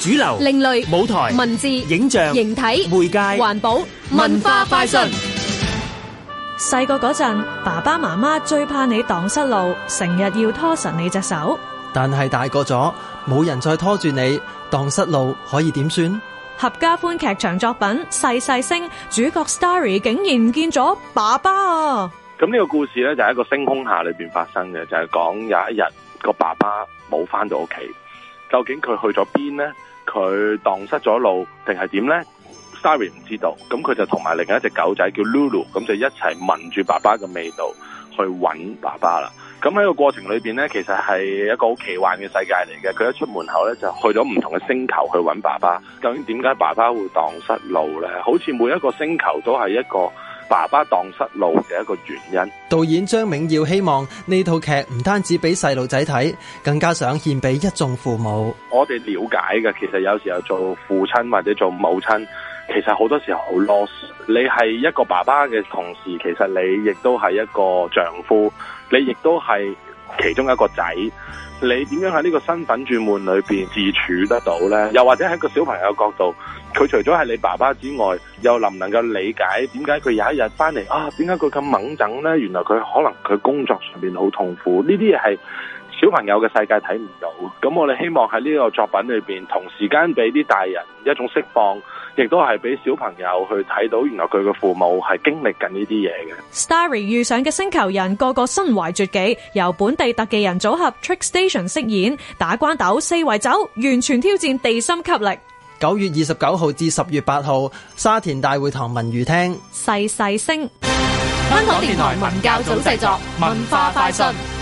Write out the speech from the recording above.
主流、另類舞台、文字、影像、形體、媒介、環保、文化快訊。細個嗰陣，爸爸媽媽最怕你蕩失路，成日要拖實你隻手。但係大個咗，冇人再拖住你蕩失路，可以點算？合家歡劇場作品《細細聲》主角 Starry 竟然唔見咗爸爸啊！咁呢個故事咧就係一個星空下裏邊發生嘅，就係、是、講有一日個爸爸冇翻到屋企，究竟佢去咗邊呢？佢蕩失咗路定係點呢？Siri 唔知道，咁佢就同埋另一隻狗仔叫 Lulu，咁就一齊聞住爸爸嘅味道去揾爸爸啦。咁喺個過程裏邊呢，其實係一個好奇幻嘅世界嚟嘅。佢一出門口呢，就去咗唔同嘅星球去揾爸爸。究竟點解爸爸會蕩失路呢？好似每一個星球都係一個。爸爸蕩失路嘅一個原因。導演張銘耀希望呢套劇唔單止俾細路仔睇，更加想獻俾一眾父母。我哋了解嘅，其實有時候做父親或者做母親，其實好多時候好 lost。你係一個爸爸嘅同時，其實你亦都係一個丈夫，你亦都係其中一個仔。你點樣喺呢個身份轉換裏邊自處得到呢？又或者喺個小朋友的角度？佢除咗係你爸爸之外，又能唔能夠理解點解佢有一日翻嚟啊？點解佢咁猛憎咧？原來佢可能佢工作上面好痛苦，呢啲嘢係小朋友嘅世界睇唔到。咁我哋希望喺呢個作品裏邊，同時間俾啲大人一種釋放，亦都係俾小朋友去睇到，原來佢嘅父母係經歷緊呢啲嘢嘅。Starry 遇上嘅星球人個個身懷絕技，由本地特技人組合 Trick Station 飾演打關斗四圍走，完全挑戰地心吸力。九月二十九號至十月八號，沙田大會堂文娛廳細細聲，香港電台文教組製作文化快訊。